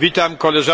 Witam koleżanki.